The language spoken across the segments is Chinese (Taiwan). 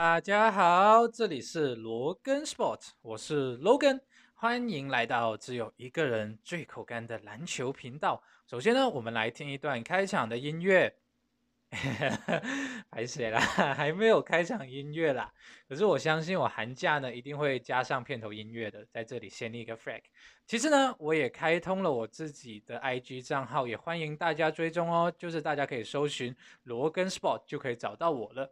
大家好，這裡是羅根 Sport，我是 Logan，歡迎來到只有一個人最口乾的籃球頻道。首先呢，我們來聽一段開場的音樂。 還寫了，還沒有開場音樂啦。可是我相信我寒假呢一定會加上片頭音樂的，在這裡先立一個 flag。其實呢，我也開通了我自己的 IG 賬號，也歡迎大家追蹤哦，就是大家可以搜尋羅根 Sport 就可以找到我了。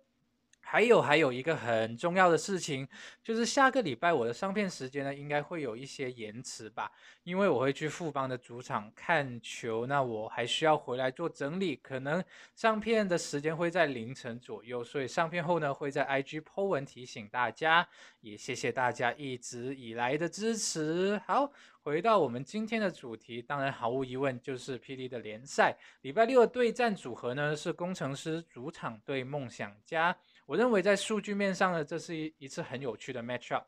還有還有一個很重要的事情，就是下個禮拜我的上片時間呢，應該會有一些延遲吧，因為我會去富邦的主場看球，那我還需要回來做整理，可能上片的時間會在凌晨左右，所以上片後呢，會在 IG Po 文提醒大家，也謝謝大家一直以來的支持。好，回到我們今天的主題，當然毫無疑問就是 PD 的聯賽，禮拜六的對戰組合呢是攻城獅主場對夢想家。我認為在數據面上呢，這是一一次很有趣的 match up。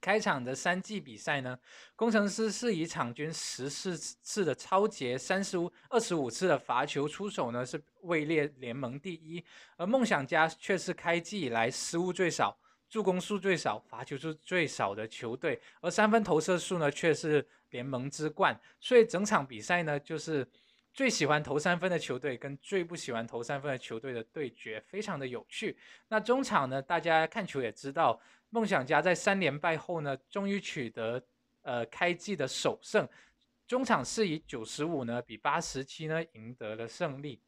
開場的三季比賽呢，攻城獅是以場均十四次的抄截、三十五二十五次的罰球出手呢，是位列聯盟第一；而夢想家卻是開季以來失誤最少、助攻數最少、罰球數最少的球隊，而三分投射數呢卻是聯盟之冠。所以整場比賽呢，就是。最喜歡投三分的球隊跟最不喜歡投三分的球隊的對決非常的有趣。那中場呢，大家看球也知道，夢想家在三連敗後呢，終於取得呃開季的首勝，中場是以九十五呢比八十七呢贏得了勝利。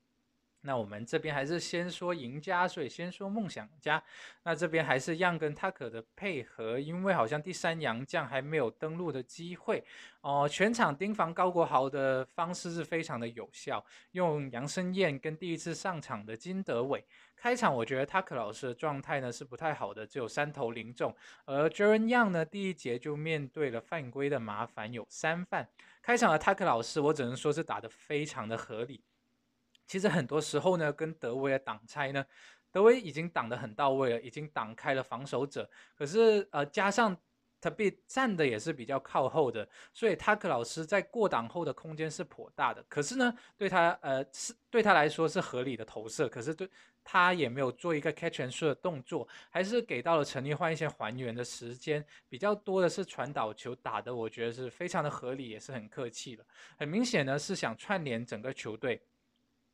那我們這邊還是先說贏家，所以先說夢想家。那這邊還是 Young 跟 Tucker 的配合，因為好像第三洋將還沒有登陸的機會。哦、呃，全場盯防高國豪的方式是非常的有效，用楊盛硯跟第一次上場的金德偉。開場我覺得 Tucker 老師的狀態呢是不太好的，只有三投零中。而 Jerran Young 呢，第一節就面對了犯規的麻煩，有三犯。開場的 Tucker 老師，我只能說是打得非常的合理。其實很多時候呢，跟德威的擋拆呢，德威已經擋得很到位了，已經擋開了防守者。可是呃，加上他比站的也是比較靠後的，所以塔克老師在過擋後的空間是頗大的。可是呢，對他呃是對他來說是合理的投射，可是對他也沒有做一個 catch and shoot 的動作，還是給到了陳立煥一些還原的時間。比較多的是傳導球打的，我覺得是非常的合理，也是很客氣了。很明顯呢，是想串聯整個球隊。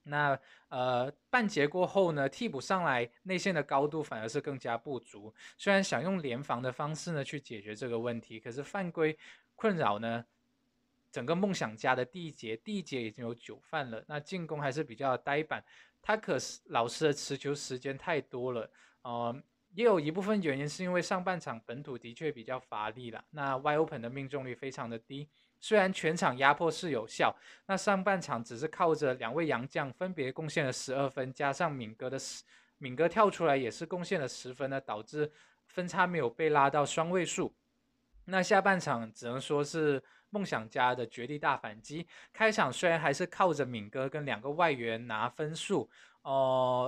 那呃半截過後呢，替補上來內線的高度反而是更加不足。雖然想用聯防的方式呢，去解決這個問題，可是犯規困擾呢整個夢想家的第一節，第一節已經有九犯了。那進攻還是比較呆板，他可是老師的持球時間太多了。呃，也有一部分原因是因為上半場本土的確比較乏力了，那 Y open 的命中率非常的低。雖然全場壓迫是有效，那上半場只是靠着兩位洋將分別貢獻了十二分，加上敏哥的敏哥跳出來也是貢獻了十分呢，導致分差沒有被拉到雙位數。那下半場只能說是夢想家的絕地大反擊。開場雖然還是靠着敏哥跟兩個外援拿分數，哦、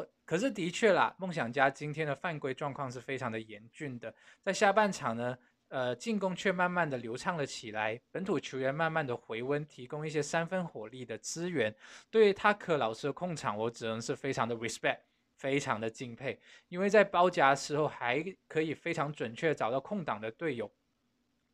呃，可是的確啦，夢想家今天的犯規狀況是非常的嚴峻的。在下半場呢，呃，進攻卻慢慢的流暢了起來，本土球員慢慢的回溫，提供一些三分火力的資源。對於塔克老師的控場，我只能是非常的 respect，非常的敬佩，因為在包夾的時候還可以非常準確找到空檔的隊友。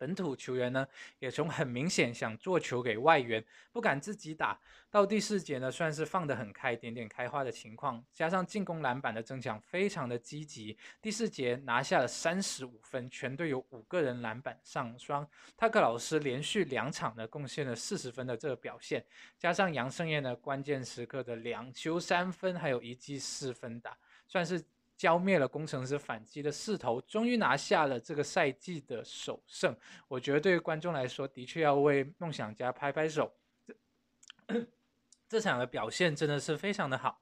本土球員呢，也從很明顯想做球給外援，不敢自己打，到第四節呢，算是放得很開，點點開花的情況，加上進攻籃板的爭搶非常的積極，第四節拿下了三十五分，全隊有五個人籃板上雙，塔克老師連續兩場呢貢獻了四十分的這個表現，加上楊勝業呢關鍵時刻的兩球三分，還有一記四分打，算是。消滅了攻城獅反擊的勢頭，終於拿下了這個賽季的首勝。我覺得對於觀眾來說，的確要為夢想家拍拍手這。這場的表現真的是非常的好。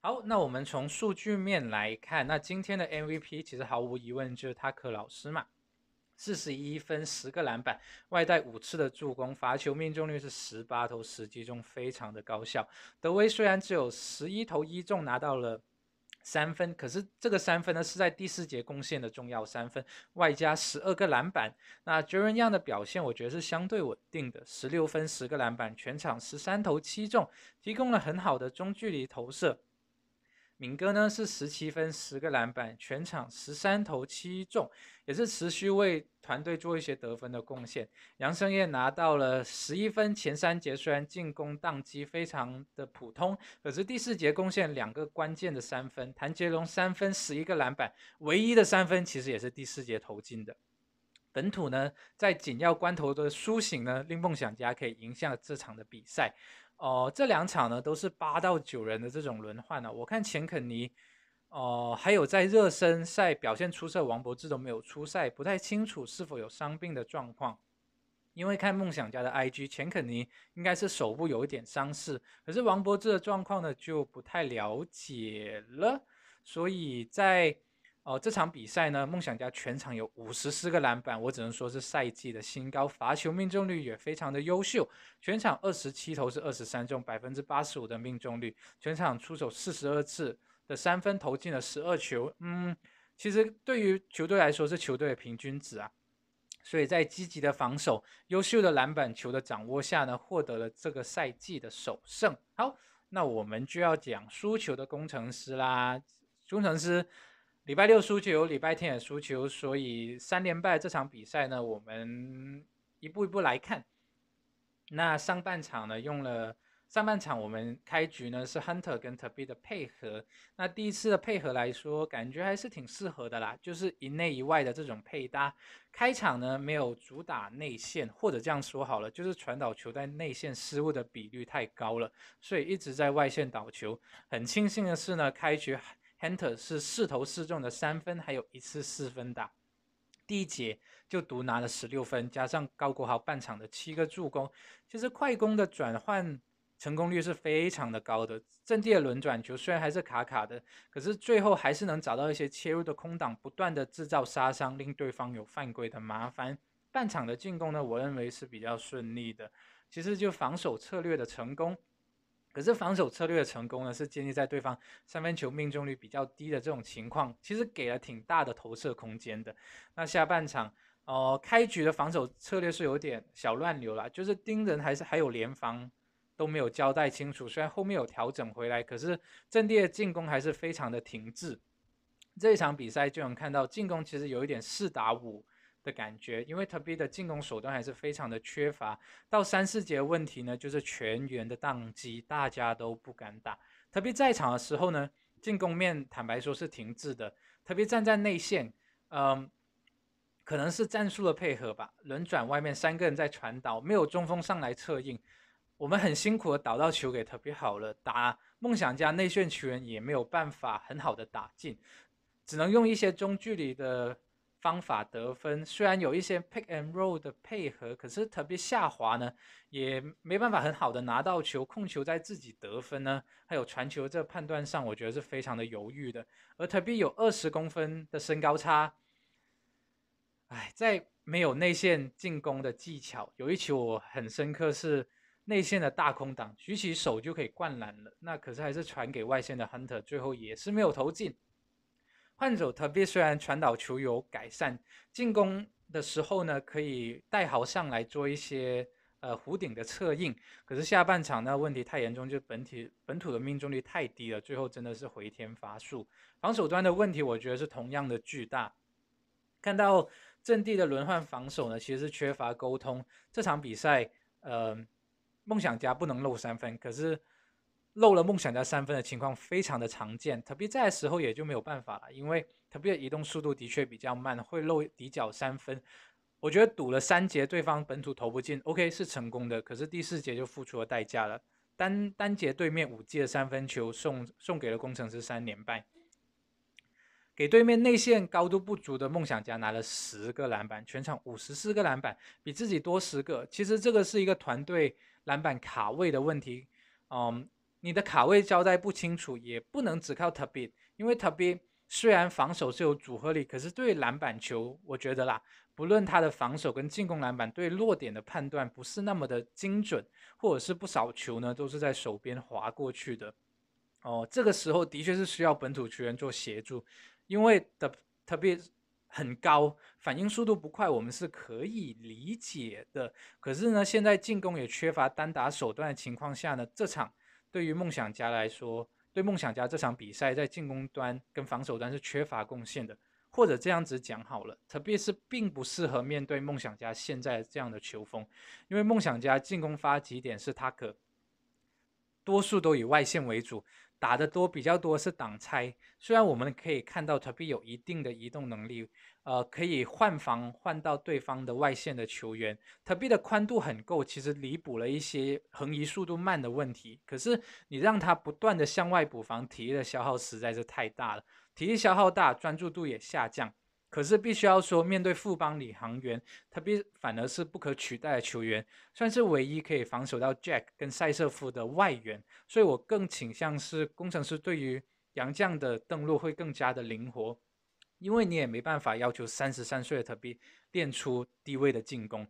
好，那我們從數據面來看，那今天的 MVP 其實毫無疑問就是塔克老師嘛，四十一分，十個籃板，外帶五次的助攻，罰球命中率是十八投十幾中，非常的高效。德威雖然只有十一投一中，拿到了三分，可是這個三分呢，是在第四節貢獻的重要三分，外加十二個籃板。那傑瑞 r 的表現，我覺得是相對穩定的，十六分十個籃板，全場十三投七中，提供了很好的中距離投射。明哥呢是十七分十個籃板，全場十三投七中，也是持續為團隊做一些得分的貢獻。楊生燕拿到了十一分，前三節雖然進攻宕機非常的普通，可是第四節貢獻兩個關鍵的三分。譚傑龍三分十一個籃板，唯一的三分其實也是第四節投進的。本土呢在緊要關頭的甦醒呢，令夢想家可以贏下這場的比賽。哦、呃，這兩場呢都是八到九人的這種輪換呢、啊。我看錢肯尼，哦、呃，還有在熱身賽表現出色王柏智都沒有出賽，不太清楚是否有傷病的狀況。因為看夢想家的 IG，錢肯尼應該是手部有一點傷勢，可是王柏智的狀況呢就不太了解了，所以在。哦，這場比賽呢，夢想家全場有五十四個籃板，我只能說是賽季的新高，罰球命中率也非常的優秀，全場二十七投是二十三中，百分之八十五的命中率，全場出手四十二次的三分投進了十二球，嗯，其實對於球隊來說是球隊的平均值啊，所以在積極的防守、優秀的籃板球的掌握下呢，獲得了這個賽季的首勝。好，那我們就要講輸球的攻城獅啦，攻城獅。禮拜六輸球，禮拜天也輸球，所以三連敗，這場比賽呢，我們一步一步來看。那上半場呢，用了上半場我們開局呢是 Hunter 跟特比的配合，那第一次的配合來說，感覺還是挺適合的啦，就是一內一外的這種配搭。開場呢沒有主打內線，或者這樣說好了，就是傳導球在內線失誤的比率太高了，所以一直在外線倒球。很慶幸的是呢，開局，Hunter 是四投四中的三分，還有一次四分打，第一節就獨拿了十六分，加上高國豪半場的七個助攻，其實快攻的轉換成功率是非常的高的。陣地的輪轉球雖然還是卡卡的，可是最後還是能找到一些切入的空檔，不斷的製造殺傷，令對方有犯規的麻煩。半場的進攻呢，我認為是比較順利的，其實就防守策略的成功。可是防守策略的成功呢，是建立在對方三分球命中率比較低的這種情況，其實給了挺大的投射空間的。那下半場，呃，開局的防守策略是有點小亂流了，就是盯人還是還有聯防都沒有交代清楚，雖然後面有調整回來，可是陣地的進攻還是非常的停滯。這一場比賽就能看到，進攻其實有一點四打五的感覺，因為特別的進攻手段還是非常的缺乏。到三四節問題呢，就是全員的宕機，大家都不敢打。特別在場的時候呢，進攻面坦白說是停滯的。特別站在內線，嗯、呃，可能是戰術的配合吧，輪轉外面三個人在傳導，沒有中鋒上來策應。我們很辛苦的導到球給特別好了，打夢想家內線球員也沒有辦法很好的打進，只能用一些中距離的。方法得分雖然有一些 pick and roll 的配合，可是特別下滑呢，也沒辦法很好的拿到球，控球在自己得分呢，還有傳球這判斷上，我覺得是非常的猶豫的。而特別有二十公分的身高差，哎，在沒有內線進攻的技巧，有一球我很深刻是內線的大空檔，舉起手就可以灌籃了，那可是還是傳給外線的 Hunter，最後也是沒有投進。換手特別雖然傳導球有改善，進攻的時候呢，可以帶好上來做一些呃弧頂的策應，可是下半場那問題太嚴重，就本體本土的命中率太低了，最後真的是回天乏術。防守端的問題，我覺得是同樣的巨大。看到陣地的輪換防守呢，其實是缺乏溝通。這場比賽，呃，夢想家不能漏三分，可是。漏了夢想家三分的情況非常的常見，特別在的時候也就沒有辦法了，因為特別移動速度的確比較慢，會漏底角三分。我覺得堵了三節，對方本土投不進，OK 是成功的，可是第四節就付出了代價了。單單節對面五記三分球送送給了攻城獅三連敗，給對面內線高度不足的夢想家拿了十個籃板，全場五十四個籃板，比自己多十個。其實這個是一個團隊籃板卡位的問題，嗯。你的卡位交代不清楚，也不能只靠 Tabe，因為 Tabe 雖然防守是有組合力，可是對籃板球，我覺得啦，不論他的防守跟進攻籃板，對落點的判斷不是那麼的精準，或者是不少球呢都是在手邊劃過去的。哦，這個時候的確是需要本土球員做協助，因為的 Tabe 很高，反應速度不快，我們是可以理解的。可是呢，現在進攻也缺乏單打手段的情況下呢，這場。對於夢想家來說，對夢想家這場比賽在進攻端跟防守端是缺乏貢獻的，或者這樣子講好了，特別是並不適合面對夢想家現在這樣的球風，因為夢想家進攻發起點是他可多數都以外線為主，打得多比較多是擋拆，雖然我們可以看到特別有一定的移動能力，呃，可以換防換到對方的外線的球員，特比的寬度很夠，其實彌補了一些橫移速度慢的問題。可是你讓他不斷的向外補防，體力的消耗實在是太大了，體力消耗大，專注度也下降。可是必須要說，面對富邦領航員，特比反而是不可取代的球員，算是唯一可以防守到 Jack 跟塞瑟夫的外援。所以我更傾向是攻城獅對於洋將的登錄會更加的靈活。因為你也沒辦法要求三十三歲的特比練出低位的進攻。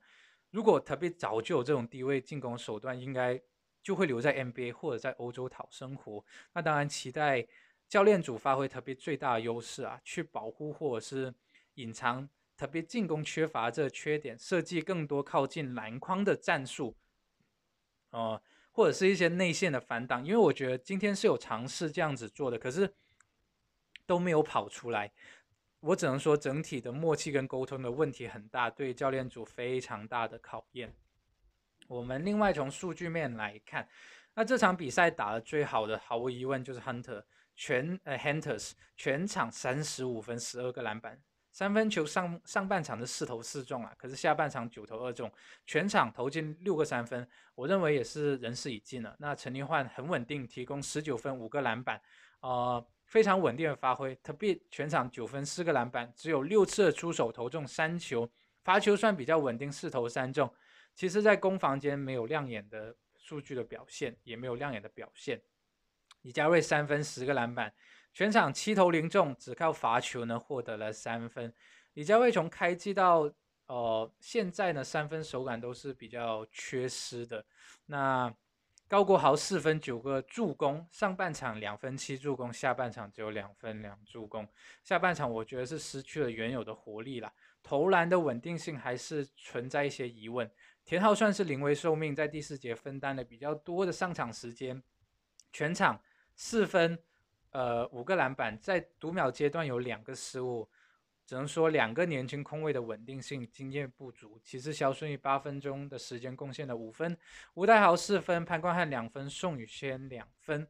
如果特比早就有這種低位進攻手段，應該就會留在 NBA 或者在歐洲討生活。那當然，期待教練組發揮特別最大的優勢啊，去保護或者是隱藏特別進攻缺乏的這個缺點，設計更多靠近籃筐的戰術，哦，或者是一些內線的反擋。因為我覺得今天是有嘗試這樣子做的，可是都沒有跑出來。我只能說，整體的默契跟溝通的問題很大，對教練組非常大的考驗。我們另外從數據面來看，那這場比賽打得最好的，毫無疑問就是 Hunter 全呃 Hunters 全場三十五分十二個籃板，三分球上上半場的四投四中啊，可是下半場九投二中，全場投進六個三分，我認為也是人事已盡了。那陳寧煥很穩定，提供十九分五個籃板，啊、呃。非常穩定的發揮，特別全場九分四個籃板，只有六次出手投中三球，罰球算比較穩定，四投三中。其實，在攻防間沒有亮眼的數據的表現，也沒有亮眼的表現。李家瑞三分十個籃板，全場七投零中，只靠罰球呢獲得了三分。李家瑞從開季到呃現在呢，三分手感都是比較缺失的。那。高國豪四分九個助攻，上半場兩分七助攻，下半場只有兩分兩助攻。下半場我覺得是失去了原有的活力了，投籃的穩定性還是存在一些疑問。田浩算是臨危受命，在第四節分擔了比較多的上場時間，全場四分，呃五個籃板，在讀秒階段有兩個失誤。只能說兩個年輕空位的穩定性、經驗不足。其次，肖順義八分鐘的時間貢獻了五分，吳岱豪四分，潘冠漢兩分，宋雨軒兩分。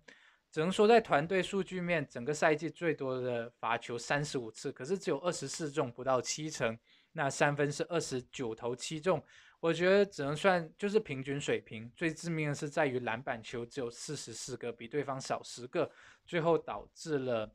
只能說在團隊數據面，整個賽季最多的罰球三十五次，可是只有二十四中，不到七成。那三分是二十九投七中，我覺得只能算就是平均水平。最致命的是在於籃板球只有四十四個，比對方少十個，最後導致了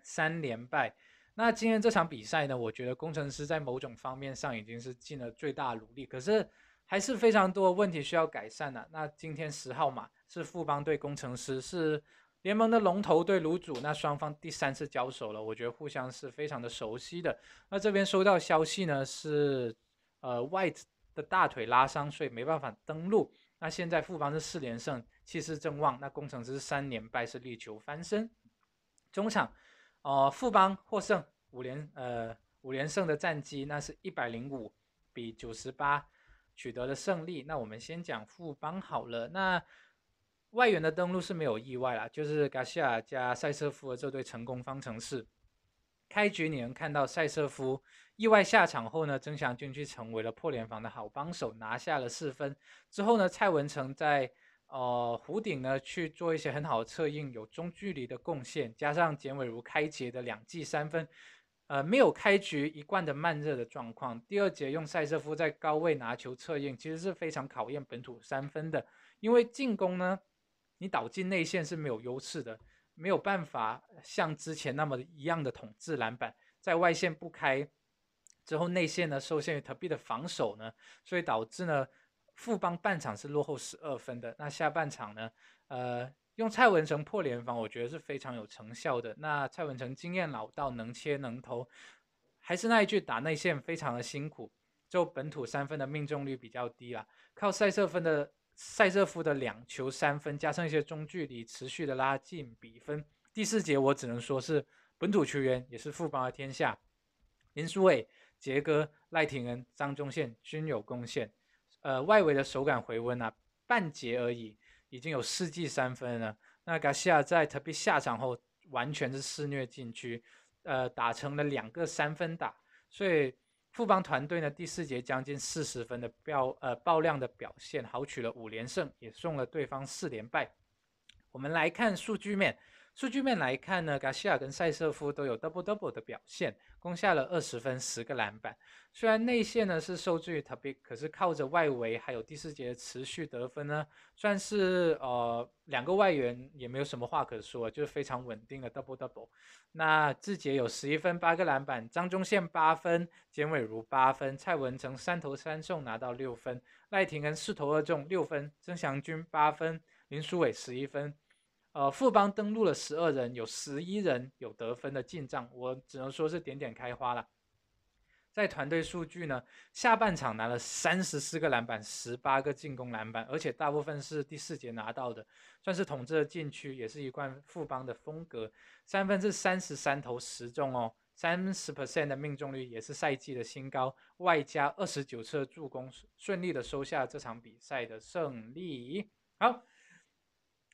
三連敗。那今天這場比賽呢，我覺得攻城獅在某種方面上已經是盡了最大的努力，可是還是非常多問題需要改善的、啊。那今天十號嘛，是富邦隊，攻城獅是聯盟的龍頭對，滷主，那雙方第三次交手了，我覺得互相是非常的熟悉的。那這邊收到消息呢是呃，呃，White 的大腿拉傷，所以沒辦法登錄。那現在富邦是四連勝，氣勢正旺。那攻城獅三連敗，是力求翻身。中場。哦，富邦獲勝五連呃五連勝的戰績，那是一百零五比九十八取得了勝利。那我們先講富邦好了。那外援的登錄是沒有意外啦，就是加西亞加塞瑟夫的這對成功方程式。開局你能看到塞瑟夫意外下場後呢，曾祥鈞就成為了破聯防的好幫手，拿下了四分。之後呢，蔡文誠在呃，弧頂呢去做一些很好的策應，有中距離的貢獻，加上簡偉儒開節的兩記三分，呃，沒有開局一貫的慢熱的狀況。第二節用賽瑟夫在高位拿球策應，其實是非常考驗本土三分的，因為進攻呢，你倒進內線是沒有優勢的，沒有辦法像之前那麼一樣的統治籃板，在外線不開之後，內線呢受限於特比的防守呢，所以導致呢。富邦半場是落後十二分的，那下半場呢？呃，用蔡文誠破聯防，我覺得是非常有成效的。那蔡文誠經驗老到，能切能投，還是那一句，打內線非常的辛苦，就本土三分的命中率比較低啊，靠賽瑟芬的賽瑟夫的兩球三分，加上一些中距離持續的拉近比分。第四節我只能說是本土球員也是富邦的天下，林書緯、杰哥、賴廷恩、張宗憲均有貢獻。呃，外圍的手感回溫啊，半節而已，已經有四記三分了。那加西亞在特別下場後，完全是肆虐禁區，呃，打成了兩個三分打。所以富邦團隊呢，第四節將近四十分的爆呃爆量的表現，豪取了五連勝，也送了對方四連敗。我們來看數據面。數據面來看呢，卡西爾跟塞瑟夫都有 double double 的表現，攻下了二十分、十個籃板。雖然內線呢是受制於塔比特，可是靠着外圍還有第四節持續得分呢，算是呃兩個外援也沒有什麼話可說，就是非常穩定的 double double。那志杰有十一分、八個籃板，張宗憲八分，簡偉儒八分，蔡文誠三投三中拿到六分，賴廷恩四投二中六分，曾祥鈞八分，林書偉十一分。呃，富邦登錄了十二人，有十一人有得分的進賬，我只能說是點點開花了。在團隊數據呢，下半場拿了三十四個籃板，十八個進攻籃板，而且大部分是第四節拿到的，算是統治了禁區，也是一貫富邦的風格。三分是三十三投十中哦，三十 percent 的命中率也是賽季的新高，外加二十九次助攻，順利的收下這場比賽的勝利。好。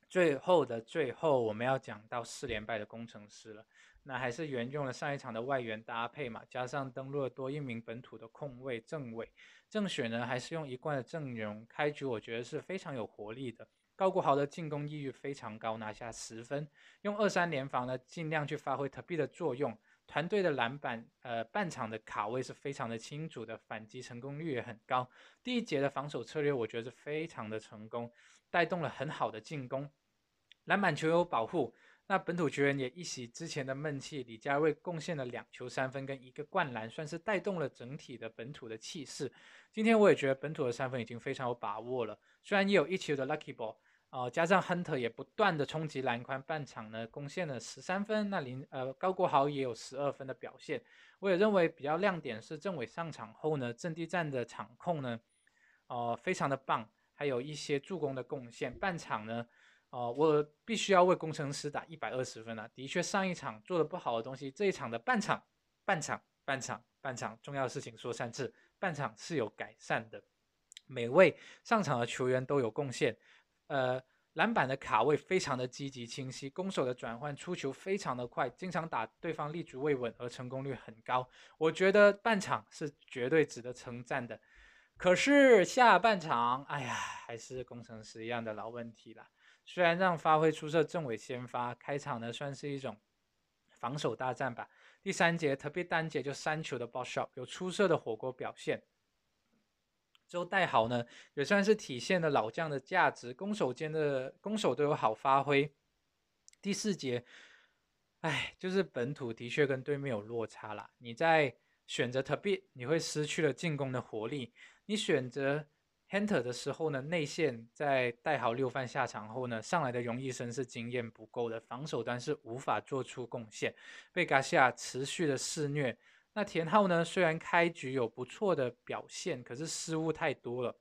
最後的最後，我們要講到四連敗的攻城獅了。那還是沿用了上一場的外援搭配嘛,加上登陸了多一名本土的控衛正位正選呢，還是用一貫的陣容。開局我覺得是非常有活力的。高國豪的進攻意欲非常高，拿下十分。用二三聯防呢，儘量去發揮特必的作用。團隊的籃板，呃，半場的卡位是非常的清楚的，反擊成功率也很高。第一節的防守策略，我覺得是非常的成功。帶動了很好的進攻，籃板球有保護，那本土球員也一洗之前的悶氣。李佳瑞貢獻了兩球三分跟一個灌籃，算是帶動了整體的本土的氣勢。今天我也覺得本土的三分已經非常有把握了，雖然也有一球的 lucky ball，呃，加上亨特也不斷的衝擊籃筐，半場呢貢獻了十三分。那林呃高國豪也有十二分的表現。我也認為比較亮點是鄭偉上場後呢，陣地戰的場控呢，呃，非常的棒。還有一些助攻的貢獻，半場呢，哦、呃，我必須要為工程師打一百二十分啊，的確，上一場做的不好的東西，這一場的半場，半場，半場，半場，重要的事情說三次，半場是有改善的。每位上場的球員都有貢獻，呃，籃板的卡位非常的積極清晰，攻手的轉換出球非常的快，經常打對方立足未穩而成功率很高。我覺得半場是絕對值得稱讚的。可是下半場，哎呀，還是攻城獅一樣的老問題啦。雖然讓發揮出色，正偉先發開場呢，算是一種防守大戰吧。第三節，特別單節就三球的 Boss Shop 有出色的火鍋表現。吳岱豪呢，也算是體現了老將的價值，攻守間的攻守都有好發揮。第四節，哎，就是本土的確跟對面有落差啦，你在選擇特別，你會失去了進攻的活力。你選擇 Hunter 的時候呢，內線在帶好六犯下場後呢，上來的榮易生是經驗不夠的，防守端是無法做出貢獻，被 g a 亞持續的肆虐。那田浩呢，雖然開局有不錯的表現，可是失誤太多了，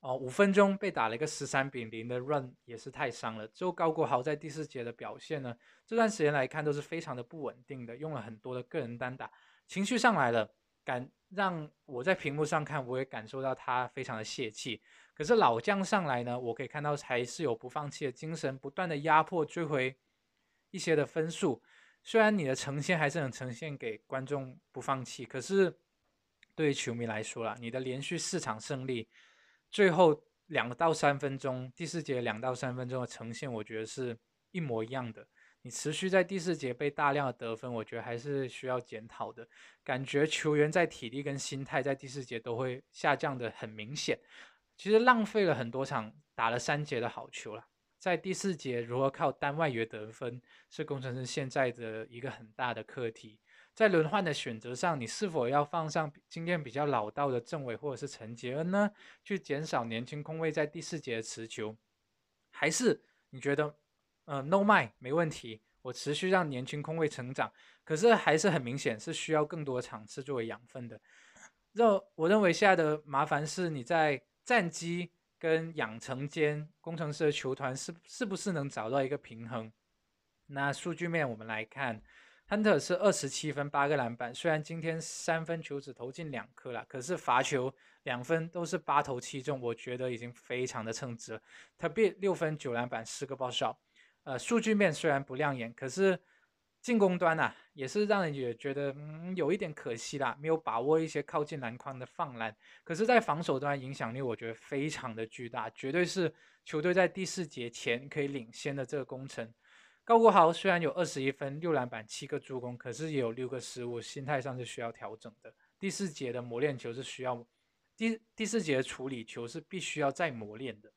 哦，五分鐘被打了一個十三比零的 run 也是太傷了。最後高國豪在第四節的表現呢，這段時間來看都是非常的不穩定的，用了很多的個人單打，情緒上來了。感讓我在屏幕上看，我也感受到他非常的洩氣。可是老將上來呢，我可以看到還是有不放棄的精神，不斷的壓迫追回一些的分數。雖然你的呈現還是能呈現給觀眾不放棄，可是對於球迷來說啦，你的連續四場勝利，最後兩到三分鐘，第四節兩到三分鐘的呈現，我覺得是一模一樣的。你持續在第四節被大量的得分，我覺得還是需要檢討的。感覺球員在體力跟心態在第四節都會下降得很明顯。其實浪費了很多場打了三節的好球了。在第四節如何靠單外援得分是攻城獅現在的一個很大的課題。在輪換的選擇上，你是否要放上經驗比較老道的鄭偉或者是陳傑恩呢，去減少年輕空位在第四節的持球？還是你覺得？嗯、呃、no mind 沒問題。我持續讓年輕控衛成長，可是還是很明顯是需要更多場次作為養分的。那我認為現在的麻煩是你在戰績跟養成間，攻城獅的球團是是不是能找到一個平衡？那數據面我們來看，亨特是二十七分八個籃板，雖然今天三分球只投進兩顆了，可是罰球兩分都是八投七中，我覺得已經非常的稱職了。特別六分九籃板四個 block shot。呃，數據面雖然不亮眼，可是進攻端啊，也是讓人也覺得嗯有一點可惜啦，沒有把握一些靠近籃筐的放籃。可是，在防守端影響力，我覺得非常的巨大，絕對是球隊在第四節前可以領先的這個功臣。高國豪雖然有二十一分、六籃板、七個助攻，可是也有六個失誤，心態上是需要調整的。第四節的磨練球是需要，第第四節的處理球是必須要再磨練的。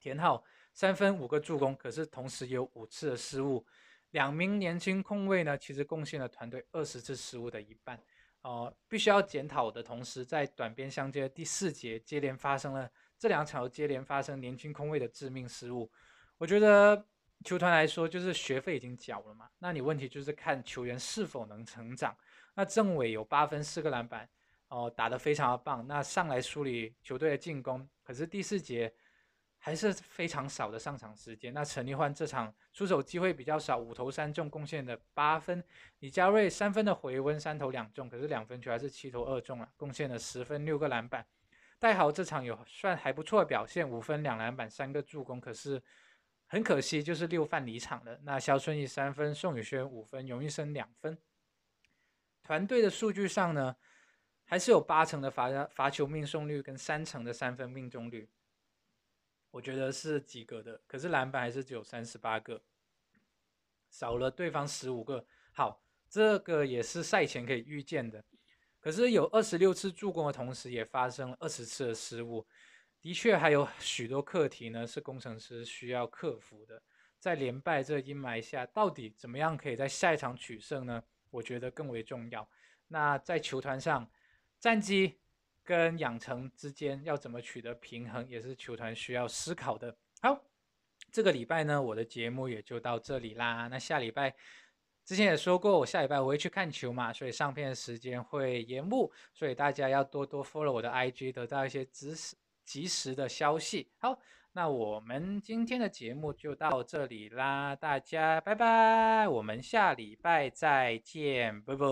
田浩。三分五個助攻，可是同時有五次的失誤。兩名年輕控衛呢，其實貢獻了團隊二十次失誤的一半。呃，必須要檢討的同時，在短邊相接的第四節接連發生了這兩場接連發生年輕控衛的致命失誤。我覺得球團來說，就是學費已經繳了嘛，那你問題就是看球員是否能成長。那政委有八分四個籃板，哦、呃，打得非常的棒。那上來梳理球隊的進攻，可是第四節。還是非常少的上場時間。那陳立歡這場出手機會比較少，五投三中，貢獻的八分。李家瑞三分的回溫，三投兩中，可是兩分球還是七投二中啊，貢獻了十分六個籃板。戴豪這場有算還不錯的表現，五分兩籃板三個助攻，可是很可惜就是六犯離場了。那肖春義三分，宋宇軒五分，榮昱升兩分。團隊的數據上呢，還是有八成的罰罰球命中率跟三成的三分命中率。我覺得是及格的，可是籃板還是只有三十八個，少了對方十五個。好，這個也是賽前可以預見的。可是有二十六次助攻的同時，也發生了二十次的失誤，的確還有許多課題呢，是攻城獅需要克服的。在連敗這陰霾下，到底怎麼樣可以在下一場取勝呢？我覺得更為重要。那在球團上，戰績。跟養成之間要怎麼取得平衡，也是球團需要思考的。好，這個禮拜呢，我的節目也就到這裡啦。那下禮拜，之前也說過，我下禮拜我會去看球嘛，所以上片的時間會延誤，所以大家要多多 follow 我的 IG，得到一些知識、及時的消息。好，那我們今天的節目就到這裡啦，大家拜拜，我們下禮拜再見，拜拜。